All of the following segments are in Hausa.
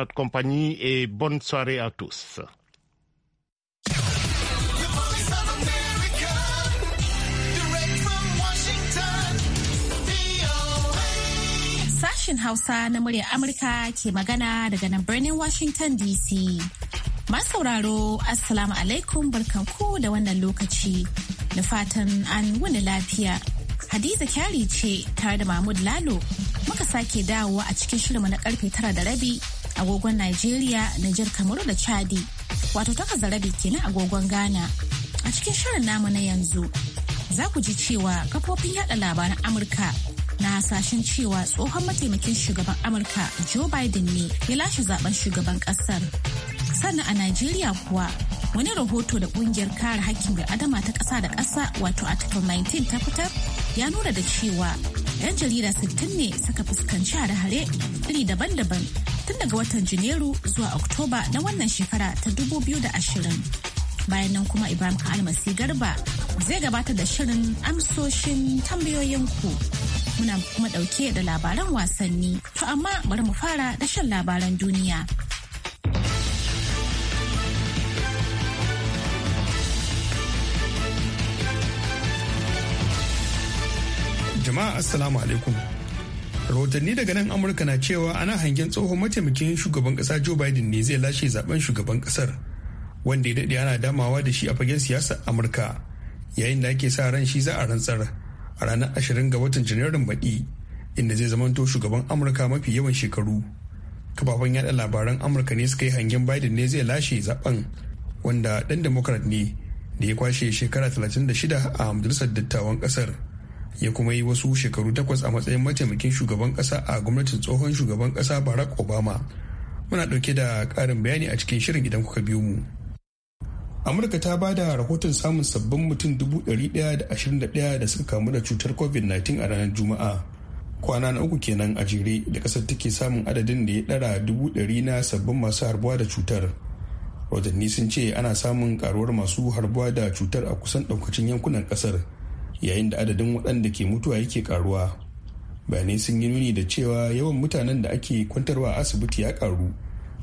notre compagnie et bonne soirée à tous. Sashin Hausa na muryar Amurka ke magana daga nan birnin Washington DC. sauraro Assalamu alaikum barkanku da wannan lokaci. Na fatan an wani lafiya. Hadiza Kyari ce tare da Mahmud Lalo muka sake dawowa a cikin shirinmu na karfe tara da rabi agogon Najeriya, Niger Kamaru da Chadi, wato taka zarabi rabi kenan agogon Ghana. A cikin shirin namu na yanzu, za ku ji cewa kafofin yada labaran Amurka na hasashen cewa tsohon mataimakin shugaban Amurka Joe Biden ne ya lashe zaben shugaban kasar. Sannan a Najeriya kuwa wani rahoto da kungiyar kare hakkin adama ta ƙasa da ƙasa wato article 19 ta fitar ya nuna da cewa 'yan jarida 60 ne suka fuskanci hare-hare iri daban-daban tun daga watan Janairu zuwa Oktoba na wannan shekara ta 2020. Bayan nan kuma Ibrahim Almasi Garba zai gabata da shirin amsoshin tambayoyinku. Muna kuma ɗauke da labaran wasanni. To amma bari mu fara da shan labaran duniya. Jama'a Assalamu alaikum. rahotanni daga nan amurka na cewa ana hangen tsohon mataimakin shugaban kasa joe biden ne zai lashe zaben shugaban kasar wanda ya daɗe ana damawa da shi a fagen siyasar amurka yayin da ake sa ran shi za a rantsar a ranar 20 ga watan janairun baɗi inda zai zamanto shugaban amurka mafi yawan shekaru kafafen yada labaran amurka ne suka yi hangen biden ne zai lashe zaben wanda ɗan democrat ne da ya kwashe shekara 36 a majalisar dattawan ƙasar. ya kuma yi wasu shekaru takwas a matsayin mataimakin shugaban kasa a gwamnatin tsohon shugaban kasa barack obama muna dauke da ƙarin bayani a cikin shirin idan kuka biyo mu amurka ta ba da rahoton samun sabbin mutum dubu 121 da ashirin da da suka kamu da cutar covid-19 a ranar juma'a kwana na uku kenan a jere da kasar take samun adadin da ya dara dubu dari na sabbin masu harbuwa da cutar rahotanni sun ce ana samun karuwar masu harbuwa da cutar a kusan daukacin yankunan kasar. yayin da adadin waɗanda ke mutuwa yake karuwa bayanai sun yi nuni da cewa yawan mutanen da ake kwantarwa a asibiti ya karu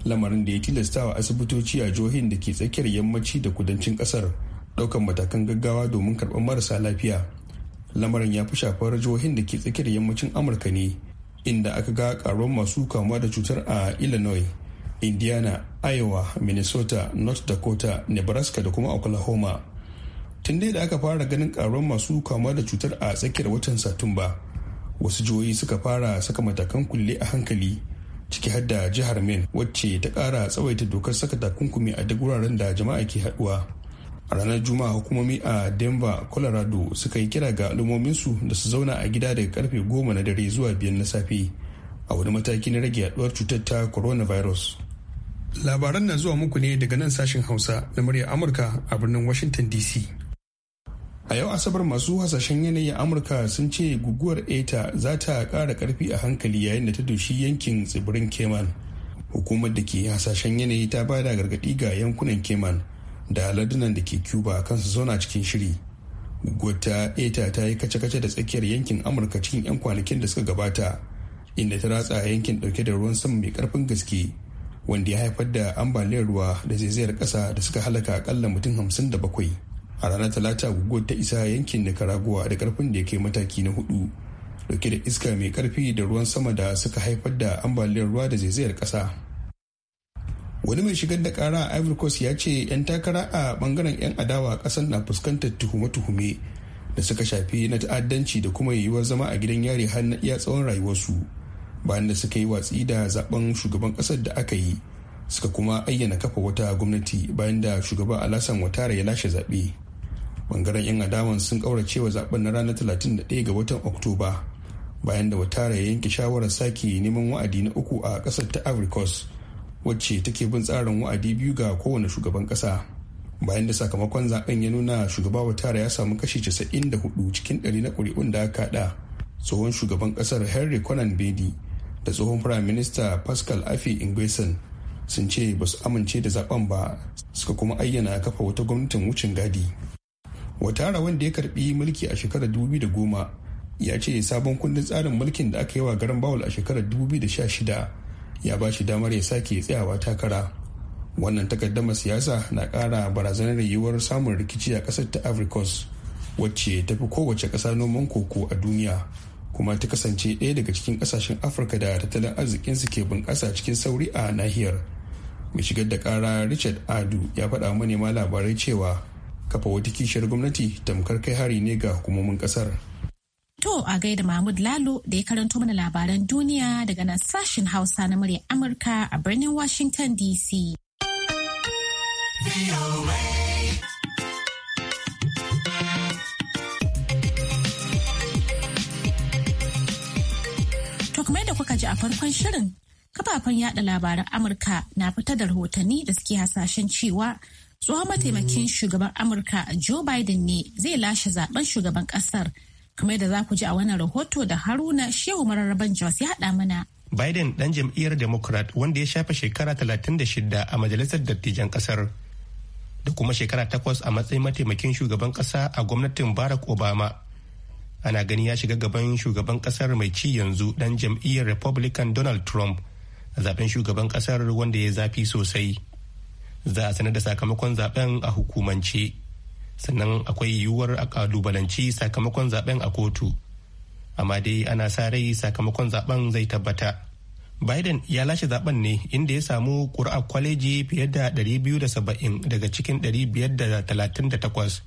lamarin da ya tilasta wa asibitoci a jihohin da ke tsakiyar yammaci da kudancin kasar ɗaukar matakan gaggawa domin karɓar marasa lafiya lamarin ya fi shafar jihohin da ke tsakiyar yammacin amurka ne inda aka ga karuwar masu kamuwa da cutar a illinois indiana iowa minnesota north dakota nebraska da kuma oklahoma tun da aka fara ganin karuwar masu kama da cutar a tsakiyar watan satumba wasu jihohi suka fara saka matakan kulle a hankali ciki har da jihar maine wacce ta kara tsawaita dokar saka takunkumi a duk wuraren da jama'a ke haduwa a ranar juma'a hukumomi a denver colorado suka yi kira ga al'ummominsu da su zauna a gida daga karfe goma na dare zuwa biyar na safe a wani mataki na rage yaduwar cutar ta coronavirus labaran na zuwa muku ne daga nan sashen hausa na murya amurka a birnin washington dc a yau asabar masu hasashen yanayin amurka sun ce guguwar eta za ta kara karfi a hankali yayin da ta doshi yankin tsibirin keman hukumar da ke hasashen yanayi ta bada gargaɗi ga yankunan keman da aladunan da ke cuba kansu zauna cikin shiri guguwar ta eta ta yi kace-kace da tsakiyar yankin amurka cikin 'yan kwanakin da suka gabata inda ta ratsa yankin dauke da ruwan sama mai karfin gaske wanda ya haifar da ambaliyar ruwa da zaizayar kasa da suka halaka akalla mutum hamsin da bakwai a ranar talata guguwar ta isa yankin nicaragua da karfin da ya kai mataki na hudu dauke da iska mai karfi da ruwan sama da suka haifar da ambaliyar ruwa da zaizayar kasa wani mai shigar da kara a ivory coast ya ce 'yan takara a bangaren 'yan adawa kasan na fuskantar tuhume-tuhume da suka shafi na ta'addanci da kuma yiwuwar zama a gidan yari har na iya tsawon rayuwarsu bayan da suka yi watsi da zaben shugaban kasar da aka yi suka kuma ayyana kafa wata gwamnati bayan da shugaban alasan watara ya lashe zaɓe bangaren yan adawan sun kaurace wa zaben na ranar 31 ga watan oktoba bayan da watara ya yanke shawarar sake neman wa'adi na uku a kasar ta Coast wacce take bin tsarin wa'adi biyu ga kowane shugaban kasa bayan da sakamakon zaben ya nuna shugaba watara ya samu kashi 94 cikin 100 na kuri'un da aka haɗa tsohon shugaban kasar henry conan bedi da tsohon prime minister pascal afi ingwesen sun ce ba su amince da zaben ba suka kuma ayyana kafa wata gwamnatin wucin gadi watara wanda ya karbi mulki a shekarar 2010 ya ce sabon kundin tsarin mulkin da aka yi wa garin bawul a shekarar 2016 ya ba shi damar ya sake tsayawa takara wannan takaddama siyasa na kara barazanar yiwuwar samun rikici a kasar ta africos wacce ta fi kowace ƙasa noman koko a duniya kuma ta kasance ɗaya daga cikin ƙasashen afirka da tattalin arzikin su ke bunƙasa cikin sauri a nahiyar mai shigar da kara richard adu ya faɗa manema labarai cewa kafa wata kishiyar gwamnati tamkar kai hari ne ga hukumomin kasar To a gaida Mahmud Lalo da ya karanto mana labaran duniya daga nan sashen Hausa na murya Amurka a birnin Washington DC. To kamar da kuka ji a farkon shirin, kafafen yada labaran Amurka na fita da rahotanni da suke hasashen cewa tsohon mataimakin shugaban amurka joe biden ne zai lashe zaben shugaban kasar kamar yadda za ku ji a wannan rahoto da haruna shehu mararraban jos ya haɗa mana biden ɗan jam'iyyar democrat wanda ya shafe shekara 36 a majalisar dattijan kasar da kuma shekara takwas a matsayin mataimakin shugaban kasa a gwamnatin barack obama ana gani ya shiga gaban shugaban kasar mai ci yanzu ɗan jam'iyyar republican donald trump a zaben shugaban kasar wanda ya zafi sosai za a sanar da sakamakon zaben a hukumance sannan akwai yiwuwar a kalubalanci sakamakon zaben a kotu amma dai ana sa rai sakamakon zaben zai tabbata biden ya lashe zaben ne inda ya samu ƙuri'a kwaleji fiye da 270 daga cikin 538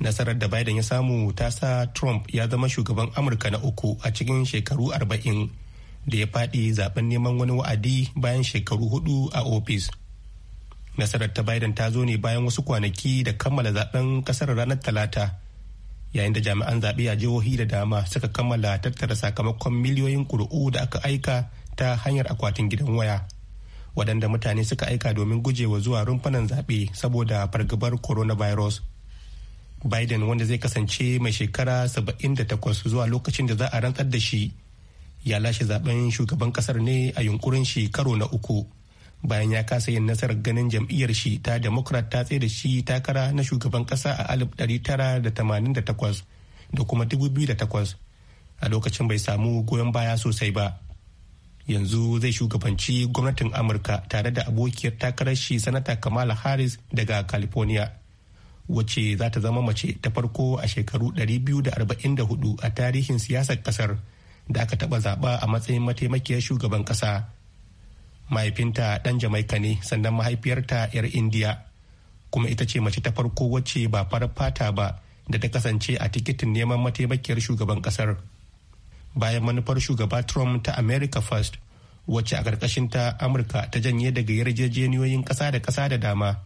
nasarar da biden ya samu ta sa trump ya zama shugaban amurka na uku a cikin shekaru 40 da ya faɗi zaben neman wani wa'adi bayan shekaru hudu a ofis nasarar ta biden ta zo ne bayan wasu kwanaki da kammala zaben kasar ranar talata yayin da jami'an zaɓe a jihohi da dama suka kammala tattara sakamakon miliyoyin ƙuri'u da aka aika ta hanyar akwatin gidan waya waɗanda mutane suka aika domin gujewa zuwa rumfanan zaɓe saboda fargabar coronavirus biden wanda zai kasance mai shekara 78 zuwa lokacin da za a rantsar da shi ya lashe zaben shugaban kasar ne a yunkurin shi karo na uku bayan ya kasa yin nasarar ganin jam'iyyar shi ta democrat ta tsaye da shi takara na shugaban kasa a 1988 da kuma 2008 a lokacin bai samu goyon baya sosai ba yanzu zai shugabanci gwamnatin amurka tare da abokiyar takarar shi sanata kamala harris daga california wacce za ta zama mace ta farko a shekaru 244 a tarihin siyasar kasar da aka taba zaba a matsayin mataimakiyar shugaban kasa mahaifinta ɗan jamaika ne sannan mahaifiyarta 'yar indiya kuma ita ce mace ta farko wacce ba farar fata ba da ta kasance a tikitin neman mataimakiyar shugaban kasar bayan manufar shugaba trump ta america first wacce a ta amurka ta janye daga yarjejeniyoyin ƙasa da ƙasa da dama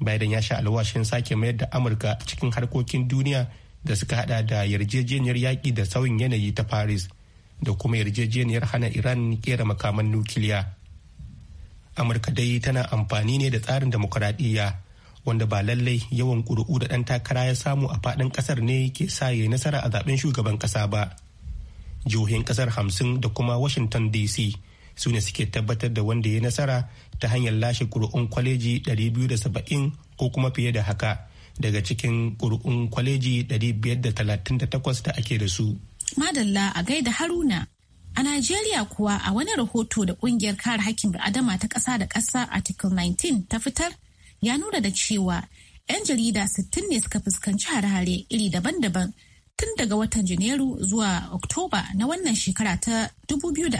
biden ya sha alwashin sake mayar da amurka cikin harkokin duniya da suka hada da yarjejeniyar yaƙi da sauyin yanayi ta paris da kuma yarjejeniyar hana iran kera makaman nukiliya amurka dai tana amfani ne da tsarin demokuraɗiyya wanda ba lallai yawan ƙuri'u da ɗan takara ya samu a faɗin ƙasar ne ke sa ya nasara a zaben shugaban ƙasa ba jihohin ƙasar hamsin da kuma washington dc su ne suke tabbatar da wanda ya nasara ta hanyar lashe ƙuri'un kwaleji da saba'in ko kuma fiye da haka daga cikin ƙuri'un kwaleji 538 da ake da su madalla a gaida haruna A Najeriya kuwa a wani rahoto da kungiyar kare hakkin bil'adama ta ƙasa da ƙasa Article 19 ta fitar ya nuna da cewa 'yan jarida 60 ne suka fuskanci hare-hare iri daban-daban tun daga watan Janairu zuwa Oktoba na wannan shekara ta 2020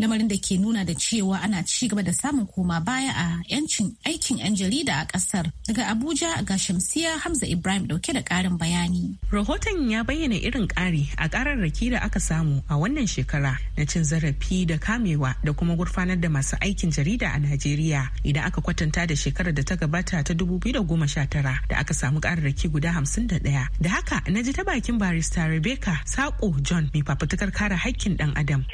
lamarin da ke nuna da cewa ana ci gaba da samun koma baya a 'yancin aikin 'yan jarida a kasar daga abuja ga shamsiya hamza ibrahim dauke da karin bayani rahoton ya bayyana irin ƙari a ƙararraki da aka samu a wannan shekara na cin zarafi da kamewa da kuma gurfanar da masu aikin jarida a najeriya idan aka kwatanta da shekarar da ta gabata ta 2019 da aka samu kararraki guda hamsin da ɗaya da haka na ji ta bakin barista rebecca sako john mai fafutukar kare haƙƙin ɗan adam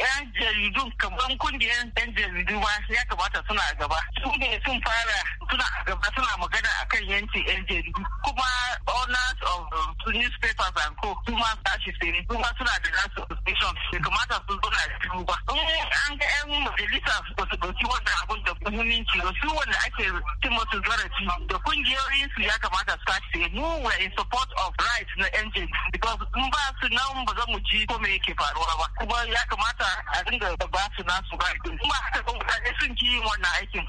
shugaban kungiyar yan jaridu ma ya kamata suna gaba su ne sun fara suna gaba suna magana akan yanci yan jaridu kuma owners of um, newspapers and co su ma tashi sai su ma suna da nasu station ya kamata su zo na da ba in an ga yan majalisa ba su ɗauki wannan abun da muhimmanci ba su wanda ake cin musu zarafi da kungiyoyin su ya kamata su tashi sai mu we in support of rights na yan jaridu because in ba su nan ba za mu ji ko me yake faruwa ba kuma ya kamata a dinga ba su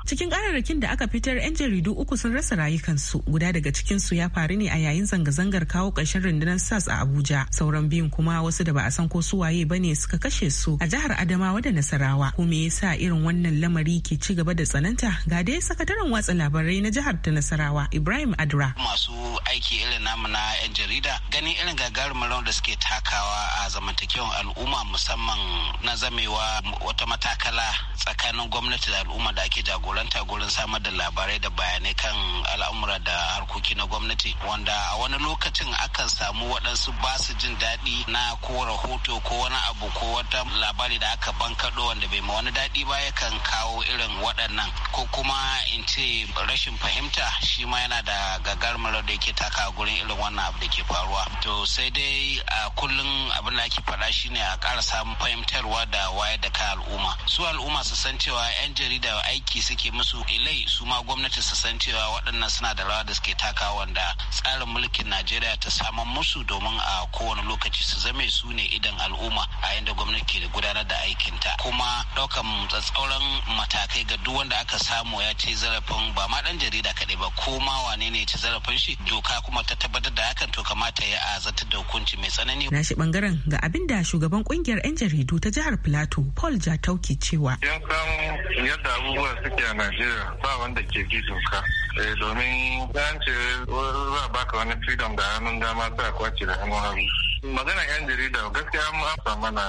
cikin kararrakin da aka fitar yan jaridu uku sun rasa rayukansu guda daga cikin su ya faru ne a yayin zanga-zangar kawo ƙarshen rundunar sas a abuja sauran biyun kuma wasu da ba a san ko su waye ba ne suka kashe su a jihar adamawa da nasarawa ko me yasa irin wannan lamari ke ci gaba da tsananta ga dai sakataren watsa labarai na jihar ta nasarawa ibrahim adra masu aiki irin namu na 'yan jarida ganin irin gagarumin rawar da suke takawa a zamantakewar al'umma musamman na zamewa wata matakala tsakanin gwamnati da al'umma da ake jagoranta gurin samar da labarai da bayanai kan al'amura da harkoki na gwamnati wanda a wani lokacin akan samu waɗansu ba su jin daɗi na ko rahoto ko wani abu ko wata labari da aka bankaɗo wanda bai ma wani daɗi ba yakan kawo irin waɗannan ko kuma in ce rashin fahimta shi ma yana da gagarumin rawar da yake haka gurin irin wannan abu da ke faruwa to sai dai a kullum abin da ake faɗa shine a ƙara samun fahimtarwa da wayar da kan al'umma su al'umma su san cewa 'yan jarida aiki suke musu ilai su ma gwamnati su san cewa waɗannan suna da rawa da suke taka wanda tsarin mulkin najeriya ta saman musu domin a kowane lokaci su zame su ne idan al'umma a yanda gwamnati ke gudanar da aikinta kuma ɗaukan tsatsauran matakai ga duk wanda aka samu ya ce zarafin ba ma ɗan jarida kaɗai ba ko ma wane ne ya ci zarafin shi doka doka kuma ta tabbatar da hakan to kamata ya azata da hukunci mai tsanani. na shi bangaren ga abin da shugaban kungiyar 'yan jaridu ta jihar Plateau Paul Jatauki cewa. Yan san yadda abubuwa suke a Najeriya ba wanda ke bi doka. Eh, domin ce ba ka baka wani freedom da hannun dama ta kwace da hannun hagu. magana yan jarida gaskiya mu amsa mana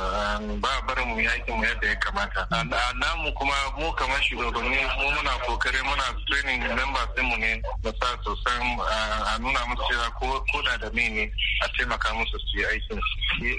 ba barin mu yakin mu yadda ya kamata a namu kuma mu kamar shugabanni mu muna kokari muna training members mu ne da sa su san a nuna musu cewa ko koda da me a taimaka musu su yi aikin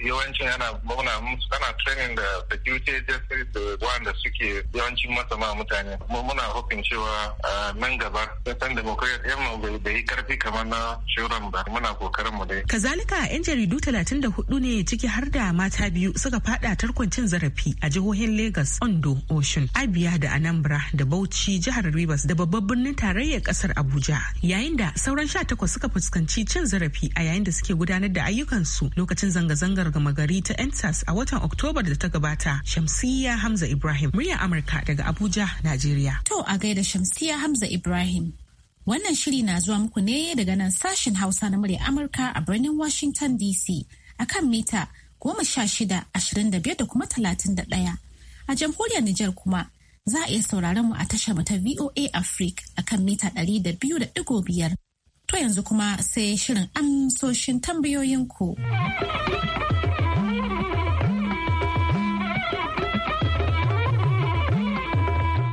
yawancin ana muna ana training da security agencies da wanda suke yawancin masama mutane Mu muna hoping cewa nan gaba san demokradiyyar mu bai yi karfi kamar na shuran ba muna kokarin mu dai kazalika yan jaridu 34 ne ciki har da mata biyu suka fada tarkon cin zarafi a jihohin Lagos, Ondo, oshun Abia da Anambra da Bauchi jihar Rivers da babban birnin tarayyar kasar Abuja. Yayin da sauran 18 suka fuskanci cin zarafi a yayin da suke gudanar da ayyukansu lokacin zanga-zangar gama gari ta Entas a watan Oktobar da ta gabata. Shamsiyya Hamza Ibrahim, murya Amurka daga Abuja, Najeriya. To a gaida Shamsiyya Hamza Ibrahim. Wannan shiri na zuwa muku ne daga nan sashen Hausa na murya Amurka a birnin Washington DC a kan mita goma sha shida ashirin da biyar da kuma talatin da ɗaya. A jamhuriyar Nijar kuma za a iya sauraron mu a tashar mu ta VOA Africa a kan mita ɗari da biyu da ɗigo biyar. To yanzu kuma sai shirin amsoshin tambayoyinku.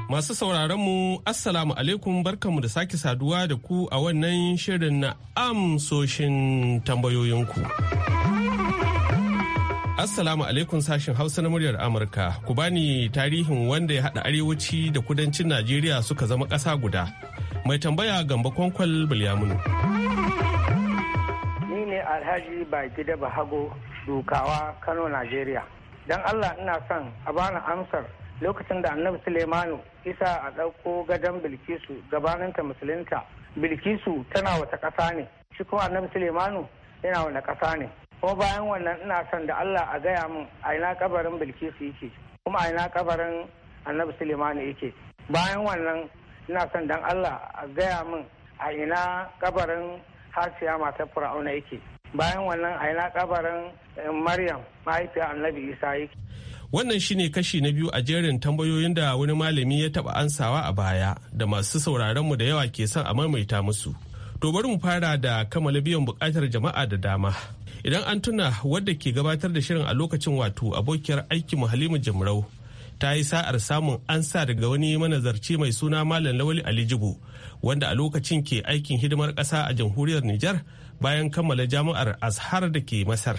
Masu sauraronmu, Assalamu alaikum barkanmu da sake saduwa da ku a wannan shirin na amsoshin tambayoyinku. Assalamu alaikum sashin Hausa na muryar Amurka, ku bani tarihin wanda ya haɗa arewaci da kudancin Najeriya suka zama ƙasa guda. Mai tambaya gamba kwankwal bilyamunu Ni ne Alhaji Bagida Bahago, Dukawa, Kano, Najeriya. Don Allah ina son a bani amsar lokacin da annabi sulemanu isa a ɗauko gadon bilkisu gabaninta musulunta bilkisu tana wata ƙasa ne shi kuma annabi sulemanu yana wani ƙasa ne kuma bayan wannan ina son da allah a gaya min a ina kabarin bilkisu yake kuma a ina kabarin annabi sulemanu yake bayan wannan ina son dan allah a gaya min a ina kabarin hasiya matar fir'auna yake bayan wannan a ina kabarin eh, maryam mahaifiyar annabi isa yake Wannan shi ne kashi na biyu a jerin tambayoyin da wani malami ya taɓa ansawa a baya da masu sauraronmu da yawa ke son a maimaita musu. To bari mu fara da kammala biyan buƙatar jama'a da dama. Idan an tuna wadda ke gabatar da shirin a lokacin wato abokiyar aikin halimu Jimrau ta yi sa'ar samun ansa daga wani manazarci mai suna Malam Lawali Ali Jibo wanda a lokacin ke aikin hidimar ƙasa a jamhuriyar Nijar bayan kammala jami'ar Azhar da ke Masar.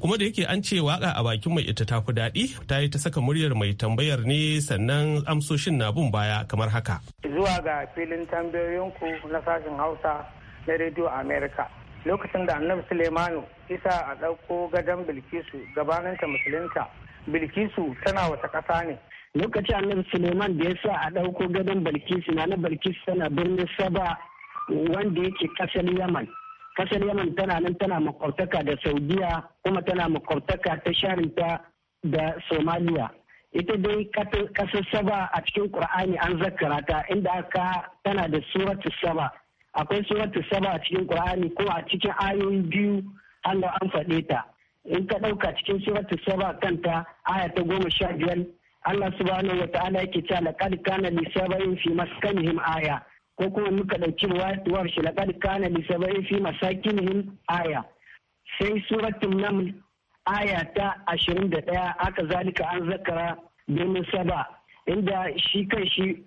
kuma da yake an ce waka a bakin mai ita ta tafi daɗi ta yi ta saka muryar mai tambayar ne sannan amsoshin na bin baya kamar haka. Zuwa ga filin tambayoyinku na sashen Hausa na Radio America. Lokacin da Annabi Suleimanu isa a ɗauko gadon Bilkisu ta musulunta. Bilkisu tana wata ƙasa ne. Lokacin Annabi Suleiman da ya sa a ɗauko gadon Bilkisu na Bilkisu tana birnin Saba wanda yake ƙasar Yaman. kasar yaman tana nan tana makwabtaka da saudiya kuma tana makwabtaka ta sharinta da somaliya ita dai kasar saba a cikin qur'ani an zakkara ta inda aka tana da suratu saba akwai suratu saba a cikin qur'ani ko a cikin ayoyi biyu Allah an faɗe ta in ka ɗauka cikin suratu saba kanta aya ta goma sha biyar Allah subhanahu wa ta'ala yake cewa laqad kana li sabain fi maskanihim aya ko kuma muka ɗauki wa shi laƙar kana da sabai fi yin aya sai suratun nam aya ta ɗaya aka zalika an zakara domin saba inda shi kan shi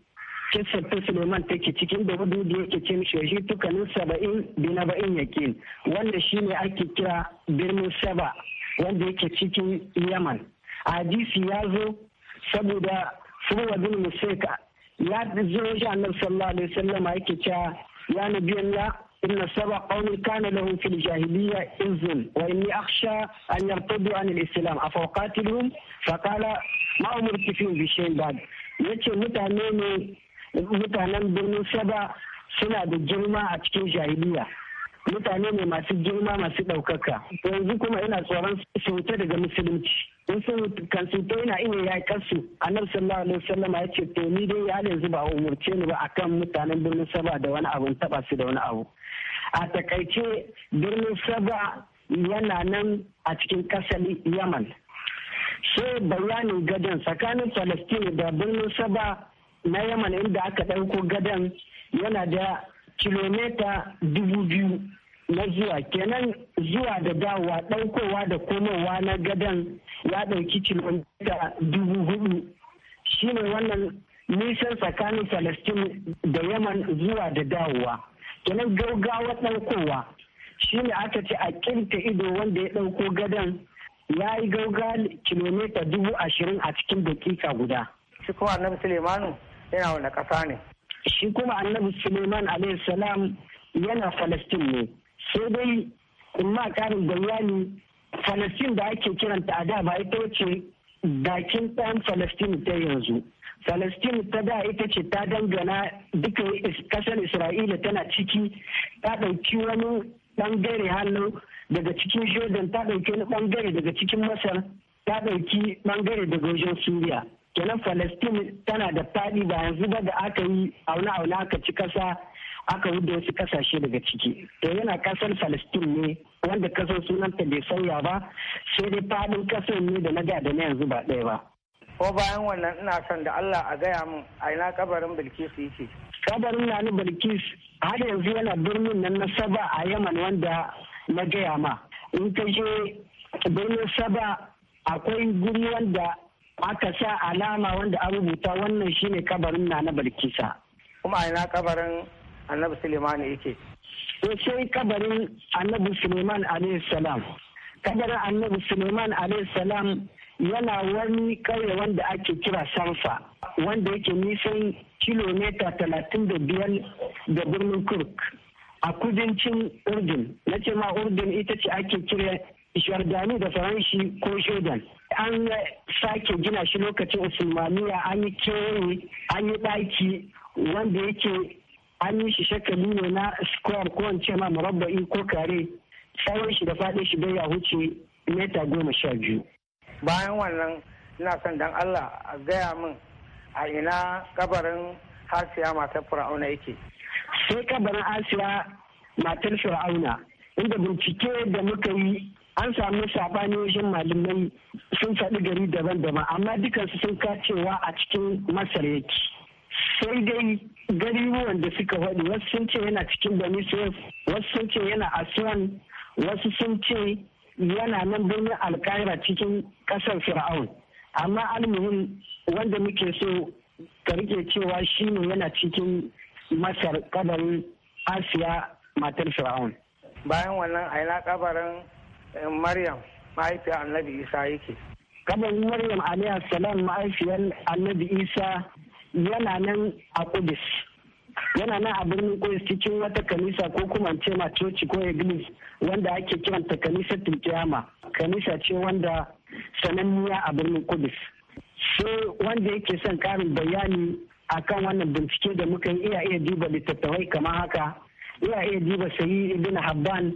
kisar ta suleiman take cikin da wadu da yake cin shi tukanin saba'in da na ba'in yakin wanda shi ne ake kira birnin saba wanda yake cikin yaman hadisi ya zo saboda furwa bin musaika ya zo wajen annabi sallallahu alaihi wasallam yake cewa ya nabiyallah إن سبع قوم كان لهم في الجاهلية إذن وإني أخشى أن يرتدوا عن الإسلام أفوقاتلهم فقال ما أمرت فيهم بشيء بعد yace mutane ne mutanen birnin saba suna da girma a cikin jahiliya mutane ne masu girma masu ɗaukaka yanzu kuma ina tsoron su daga musulunci in sun to yana iya ya kasu annabi sallallahu alaihi wasallam ya ce to ni dai ya yanzu ba umurce ni ba akan mutanen birnin saba da wani abu taba su da wani abu a takaice birnin saba yana nan a cikin kasali yaman sai bayanin gadon tsakanin palestine da birnin saba na yaman inda aka ɗauko gadon yana da kilomita dubu biyu na zuwa kenan zuwa da dawowa ɗaukowa da komowa na gadon ya ɗauki kilomita dubu hudu shine wannan nisan tsakanin palestine da yaman zuwa da dawowa kenan gaugawa ɗaukowa shine aka ce a kinta ido wanda ya ɗauko gadon ya yi gauga kilomita dubu ashirin a cikin dakika guda shi kuma annabi sulemanu yana wani ƙasa ne shi kuma annabi suleiman alayhi salam yana falastin ne sai dai in ma karin bayani falastin da ake kiranta a da ba ita wace bakin ɗan falastin ta yanzu falastin ta da ita ce ta dangana duka kasar isra'ila tana ciki ta ɗauki wani ɓangare hannu daga cikin jordan ta ɗauki wani ɓangare daga cikin masar ta ɗauki ɓangare daga wajen suriya kenan falastin tana da faɗi ba yanzu ba da aka yi auna auna aka ci ƙasa aka wuda wasu kasashe daga ciki to yana kasar palestine ne wanda kasar sunanta bai sauya ba sai dai faɗin kasar ne da na da na yanzu ba ɗaya ba ko bayan wannan ina son da allah a gaya min a ina kabarin bilkisu yake kabarin na ni bilkis har yanzu yana birnin nan na saba a yaman wanda na gaya ma in ka je birnin saba akwai guri wanda aka sa alama wanda an rubuta wannan shine kabarin na na bilkisa kuma a ina kabarin annabi suleiman yake ko sai kabarin annabi suleiman alayhi salam kabarin annabi suleiman alayhi salam yana wani ƙauye wanda ake kira sanfa wanda yake nisan kilomita talatin da biyar da birnin kurk a kudancin urdun na ce ma urdun ita ce ake kira shardani da faranshi ko shodan an sake gina shi lokacin usmaniya an yi kewaye an yi ɗaki wanda yake an yi shi shakali ne na square ko ce ma murabba'i ko kare tsawon shi da faɗin shi bai ya huce mita goma sha biyu. bayan wannan ina son dan allah a gaya min a ina kabarin hasiya matar fir'auna yake. sai kabarin hasiya matar fir'auna inda bincike da muka yi an samu saɓani wajen malamai sun faɗi gari daban-daban amma dukansu sun kacewa a cikin masar yake sai dai garibuwan da suka faɗi wasu sun ce yana cikin bamisiyar wasu sun ce yana aswan wasu sun ce yana nan birnin alkaira cikin ƙasar fir'aun amma almuhim wanda muke so ka rike cewa shi ne yana cikin masar kabarin asiya matar fir'aun bayan wannan aina kabarin eh, maryam mahaifiyar annabi isa yake kabarin maryam alayhi salam mahaifiyar annabi isa yana nan a kudis yana nan a birnin kudis cikin wata kanisa ko kuma ce ma coci ko iglis wanda ake kiranta kanisa tulkiyama kanisa ce wanda sananniya a birnin kudis sai wanda yake son karin bayani akan wannan bincike da muka yi iya iya duba littattafai kamar haka iya iya duba sayi ibn habban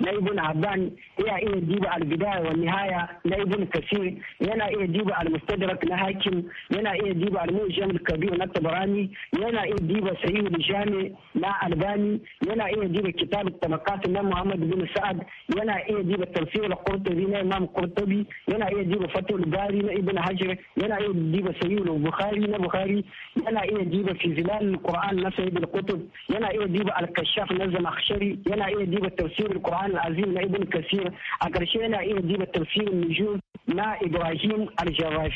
نائب عبان يا إيه يجيب على البداية والنهاية نائب كثير ينا إيه يجيب على المستدرك نهاكم ينا إيه يجيب على جامع الكبير نتبراني ينا إيه يجيب سعيد الجامع لا ألباني ينا إيه يجيب كتاب الطبقات لا محمد بن سعد ينا إيه يجيب التفسير القرطبي لا إمام قرطبي ينا إيه يجيب فتح الباري ابن حجر ينا إيه يجيب سعيد البخاري لا بخاري ينا إيه يجيب في زلال القرآن نفسه سيد القطب ينا إيه يجيب الكشاف نا زمخشري ينا إيه يجيب التفسير القرآن alqur'an azim na ibn kasir a ƙarshe yana iya jiba tafsirin nujum na ibrahim al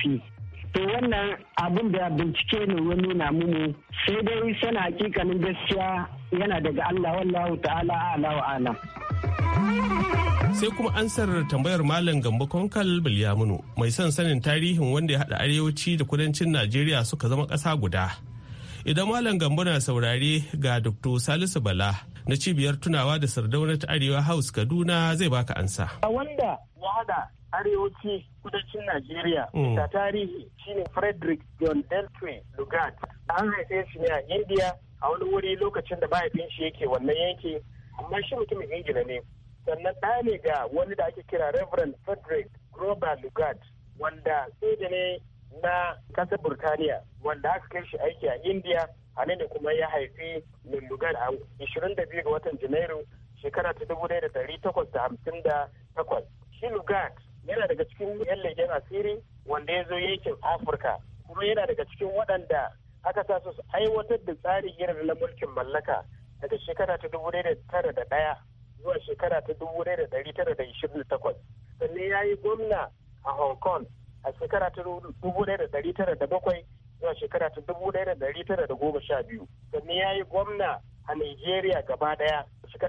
to wannan abin da bincike ne ya nuna mumu sai dai sana hakikanin gaskiya yana daga Allah wallahu ta'ala ala wa ala sai kuma ansar tambayar malam Gambo konkal bilyamunu mai son sanin tarihin wanda ya haɗa arewaci da kudancin najeriya suka zama ƙasa guda Idan Malam Gambo na saurare ga Dr. Salisu Bala na cibiyar tunawa da sardauna Arewa House Kaduna zai baka ansa. wanda ya hada arewaci kudancin Najeriya da mm. tarihi shine Frederick John Deltwe Lugard. An haife shi ne a India a wani wuri lokacin da mahaifin shi yake wannan yanki amma shi mutumin Ingila ne. Sannan ɗaya ne ga wani da ake kira Reverend Frederick Grover Lugard wanda sai da ne na kasar Burtaniya wanda aka kai shi aiki a India a nan kuma ya haifi Lundugan a 22 ga watan Janairu shekara ta 1858. Shi Lugard yana daga cikin 'yan leken asiri wanda ya zo yankin Afirka kuma yana daga cikin waɗanda aka sa su aiwatar da tsarin yin na mulkin mallaka daga shekara ta 1901 zuwa shekara ta 1928. Sannan ya yi gwamna a Hong Kong a shekara ta dubu ɗaya da ɗari tara da bakwai zuwa shekara ta dubu ɗaya da ɗari tara da goma sha biyu sannan ya yi gwamna a nigeria gaba ɗaya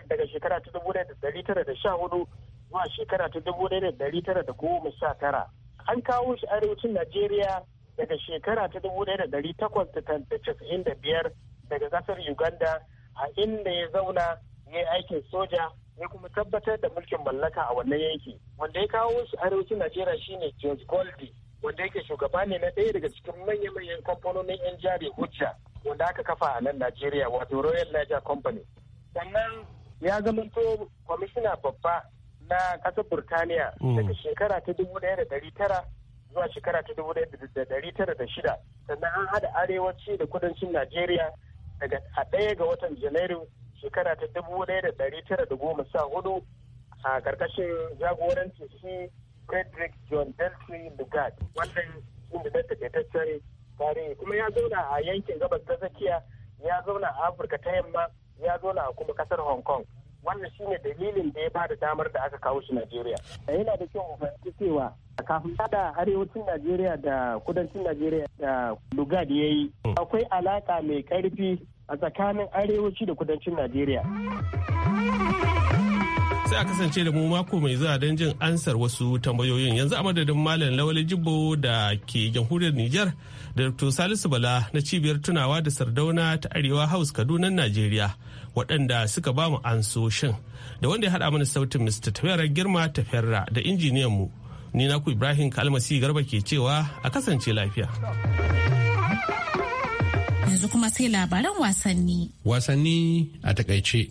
daga shekara ta dubu ɗaya da ɗari tara da sha hudu zuwa shekara ta dubu ɗaya da ɗari tara da goma sha tara an kawo shi arewacin najeriya daga shekara ta dubu ɗaya da ɗari takwas da casa'in da biyar daga ƙasar uganda a inda ya zauna ya yi aikin soja ya kuma tabbatar da mulkin mallaka a wannan yanki wanda ya kawo shi arewacin najeriya shine george goldie. wanda yake shugaba ne na ɗaya daga cikin manya-manyan kamfanonin yan jari hujja wanda aka kafa a nan najeriya wato royal niger company sannan ya zamanto kwamishina babba na ƙasar burtaniya hmm. daga shekara ta dubu ɗaya da ɗari tara zuwa shekara ta dubu ɗaya da ɗari tara da shida sannan an haɗa arewaci da kudancin najeriya daga a ɗaya ga watan janairu shekara ta dubu ɗaya da ɗari tara da goma sha hudu a ƙarƙashin jagoranci shi frederick john delphi lugard wannan shi ne zai takaitaccen tarihi kuma ya zauna a yankin gabas ta tsakiya ya zauna a afirka ta yamma ya zauna a kuma ƙasar hong kong wannan shi ne dalilin da ya ba da damar da aka kawo shi najeriya yana da kyau a fahimci cewa kafin da arewacin najeriya da kudancin najeriya da lugard ya yi hmm. akwai alaƙa mai ƙarfi. a tsakanin arewaci da kudancin Najeriya. Sai a kasance da mu mako mai zuwa don jin ansar wasu tambayoyin yanzu a madadin Malam Lawali jibo da ke jamhuriyar Nijar da Dr. Salisu Bala na cibiyar tunawa da Sardauna ta Arewa House Kaduna Najeriya waɗanda suka ba mu ansoshin da wanda ya haɗa mana sautin Mr. Tafiyar Girma Tafiyarra da injiniyan mu ni naku Ibrahim Kalmasi Garba ke cewa a kasance lafiya. Yanzu kuma sai labaran wasanni. Wasanni a takaice.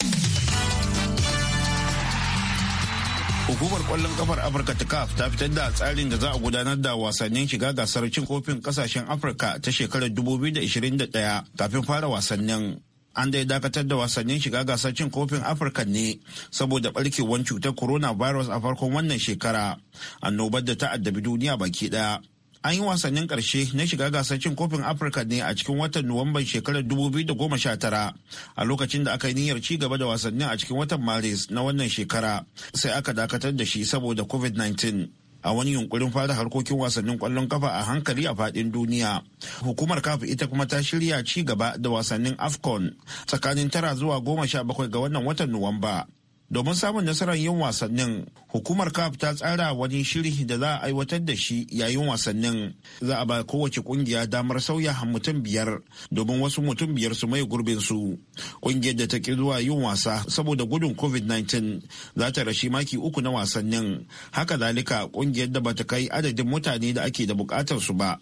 hukumar kwallon kafar afirka ta caf ta fitar da tsarin da za a gudanar da wasannin shiga gasar cin kofin kasashen afirka ta shekarar 2021 kafin fara wasannin an dai dakatar da wasannin shiga gasar cin kofin afirka ne saboda barkewar cutar coronavirus a farkon wannan shekara annobar da ta addabi duniya baki daya an yi wasannin karshe na shiga gasar cin kofin afirka ne a cikin watan nuwamban shekarar 2019 a lokacin da aka yi niyyar ci gaba da wasannin a cikin watan maris na wannan shekara sai aka dakatar da shi saboda covid-19 a wani yunkurin fara harkokin wasannin kwallon kafa a hankali a fadin duniya hukumar kafa ita kuma ta shirya ci gaba da wasannin afcon tsakanin tara zuwa goma sha bakwai ga wannan watan nuwamba domin samun nasarar yin wasannin hukumar caf ta tsara wani shiri da za a aiwatar da shi yayin wasannin za a ba kowace kungiya damar sauya mutum biyar domin wasu mutum biyar su mai gurbin su kungiyar da ta ki zuwa yin wasa saboda gudun covid-19 za ta rashi maki uku na wasannin haka zalika kungiyar da bata kai adadin mutane da ake da bukatar su ba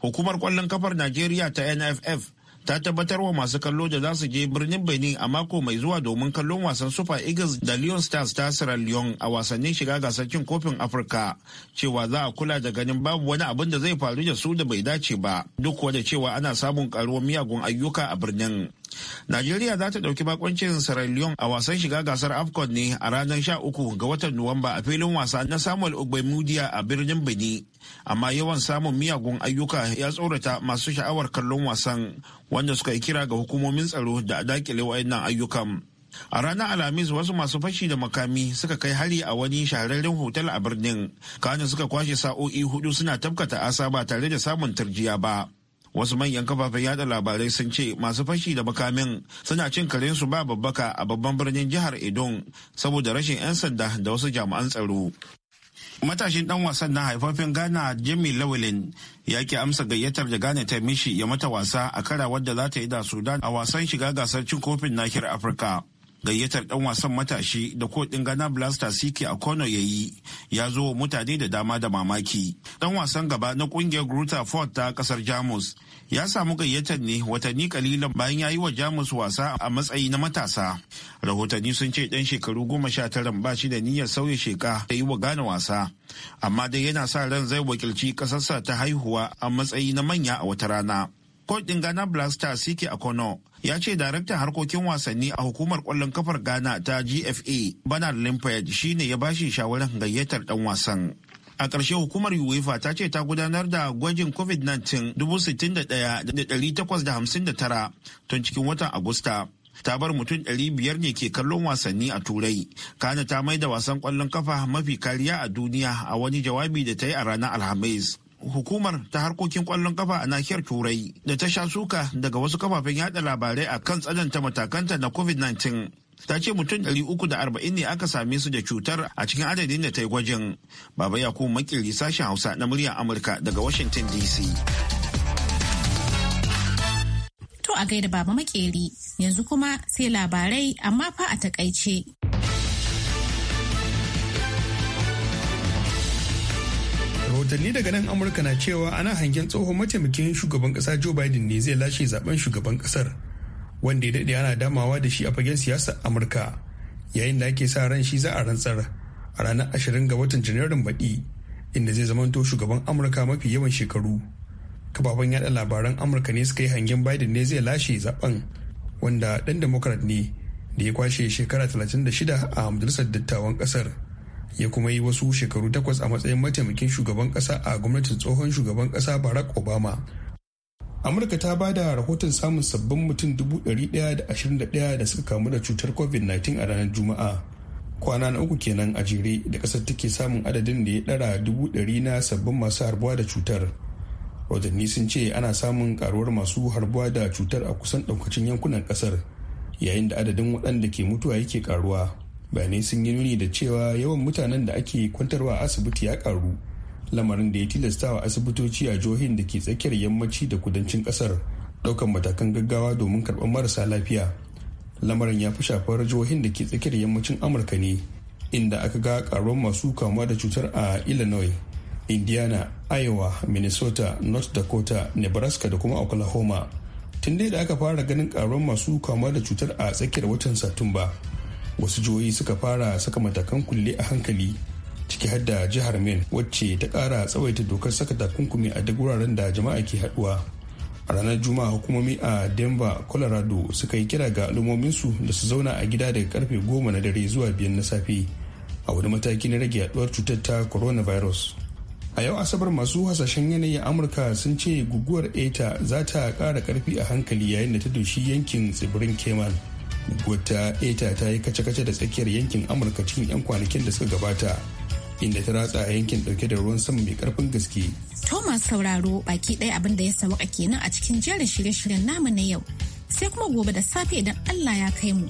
hukumar kwallon kafar najeriya ta nff ta tabbatar wa masu kallo da za su je birnin benin a mako mai zuwa domin kallon wasan super eagles da leon stars ta sierra leone a wasannin shiga gasar cin kofin afirka cewa za a kula da ganin babu wani abin da zai faru da su da bai dace ba duk da cewa ana samun karuwar miyagun ayyuka a birnin Najeriya za ta dauki bakoncin Sierra Leone a wasan shiga gasar AFCON ne a ranar 13 ga watan Nuwamba a filin wasa na Samuel Mudia a birnin Benin. amma yawan samun miyagun ayyuka ya tsorata masu sha'awar kallon wasan wanda suka yi kira ga hukumomin tsaro da a dakile wayannan ayyukan a ranar alhamis wasu masu fashi da makami suka kai hari a wani shahararren hotel a birnin kanin suka kwashe sa'o'i hudu suna tabkata asa ba tare da samun tarjiya ba wasu manyan kafafen yada labarai sun ce masu fashi da makamin suna cin karen su ba babbaka a babban birnin jihar edon saboda rashin 'yan sanda da wasu jami'an tsaro matashin dan wasan na haifafin ghana jimmy lawalin ya ke amsa gayyatar da ghana ta mishi ya mata wasa a kara wadda za ta yi da sudan a wasan shiga gasar cin kofin nahiyar afirka gayyatar dan wasan matashi da kodin ghana blaster ck a kono ya yi ya zo mutane da dama da mamaki dan wasan gaba na kungiyar gruta ford ta kasar jamus ya samu gayyatar ne watanni kalilan bayan ya yi wa jamus wasa a matsayi na matasa rahotanni sun ce dan shekaru goma sha tara ba shi da niyyar sauya sheka da yi wa gane wasa amma dai yana sa ran zai wakilci ƙasarsa ta haihuwa a matsayi na manya a wata rana Coach ɗin Ghana Blaster Sike Akono ya ce daraktan harkokin wasanni a hukumar kwallon kafar Ghana ta GFA Bernard Limpet shine ya bashi shawarar gayyatar ɗan wasan. a ƙarshe hukumar uefa ta ce ta gudanar da gwajin covid-19 61,859 tun cikin watan agusta ta bar mutum 500 ne ke kallon wasanni a turai kana ta maida wasan kwallon kafa mafi kariya a duniya a wani jawabi da ta yi a ranar alhamis hukumar ta harkokin ƙwallon kafa a nahiyar turai da ta sha suka daga wasu kafafen yada labarai a kan tsananta matakanta na covid-19 ta ce mutum 340 ne aka same su da cutar a cikin adadin da ta yi gwajin baba kuma makiri sashen hausa na muryar amurka daga washington dc to a gaida baba makeri yanzu kuma sai labarai amma fa a takaice rahotanni daga nan amurka na cewa ana hangen tsohon mataimakin shugaban kasa joe biden ne zai lashe zaben shugaban kasar wanda ya daɗe ana damawa da shi a fagen siyasar amurka yayin da ake sa ran shi za a rantsar a ranar 20 ga watan janairun baɗi inda zai zamanto shugaban amurka mafi yawan shekaru kafafen yada labaran amurka ne suka yi hangen biden ne zai lashe zaben wanda ɗan democrat ne da ya kwashe shekara 36 a majalisar dattawan ƙasar ya kuma yi wasu shekaru takwas a matsayin mataimakin shugaban ƙasa a gwamnatin tsohon shugaban ƙasa barack obama amurka ta ba da rahoton samun sabbin mutum 121 da suka kamu da cutar covid-19 a ranar juma'a kwana na uku kenan a jere da kasar take samun adadin da ya dara ɗari na sabbin masu harbuwa da cutar watanni sun ce ana samun karuwar masu harbuwa da cutar a kusan daukacin yankunan kasar yayin da adadin waɗanda ke mutuwa yake karuwa bayanai sun yi nuni da cewa yawan mutanen da ake kwantarwa asibiti ya karu lamarin da ya tilasta wa asibitoci a jihohin da ke tsakiyar yammaci da kudancin kasar daukan matakan gaggawa domin karɓar marasa lafiya lamarin ya fi shafar jihohin da ke tsakiyar yammacin amurka ne inda aka ga karuwar masu kamuwa da cutar a illinois indiana iowa minnesota north dakota nebraska da kuma oklahoma tun dai da aka fara ganin karuwar masu kamuwa da cutar a tsakiyar watan satumba wasu jihohi suka fara saka matakan kulle a hankali ciki har da jihar Maine wacce ta ƙara tsawaita dokar saka takunkumi a duk wuraren da jama'a ke haduwa. A ranar Juma'a hukumomi a Denver, Colorado suka yi kira ga al'ummominsu da su zauna a gida daga karfe goma na dare zuwa biyan na safe a wani mataki na rage yaduwar cutar ta coronavirus. A yau Asabar masu hasashen yanayin Amurka sun ce guguwar ETA za ta kara karfi a hankali yayin da ta doshi yankin tsibirin Keman. Guguwar ta ETA ta yi kace-kace da tsakiyar yankin Amurka cikin 'yan kwanakin da suka gabata inda ta ratsa a yankin dauke da ruwan sama mai karfin gaske. Thomas sauraro baki ɗaya abin da ya sawaka kenan a cikin jerin shirye-shiryen namu na yau. Sai kuma gobe da safe idan Allah ya kai mu.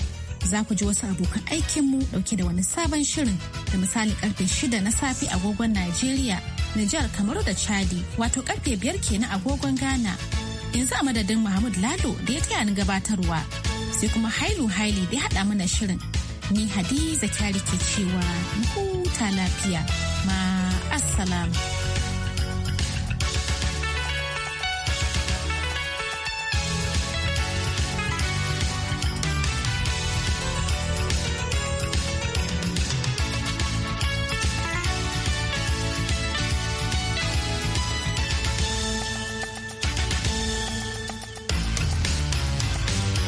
Za ku ji wasu abokan aikinmu dauke da wani sabon shirin da misali karfe shida na safe agogon Najeriya, Nijar, Kamaru da Chadi wato karfe biyar kenan agogon Ghana. Yanzu a madadin Muhammad Lalo da ya taya ni gabatarwa. Sai kuma Hailu Haili da ya haɗa mana shirin. Ni Hadiza Kyari ke cewa huta lafiya ma assalamu.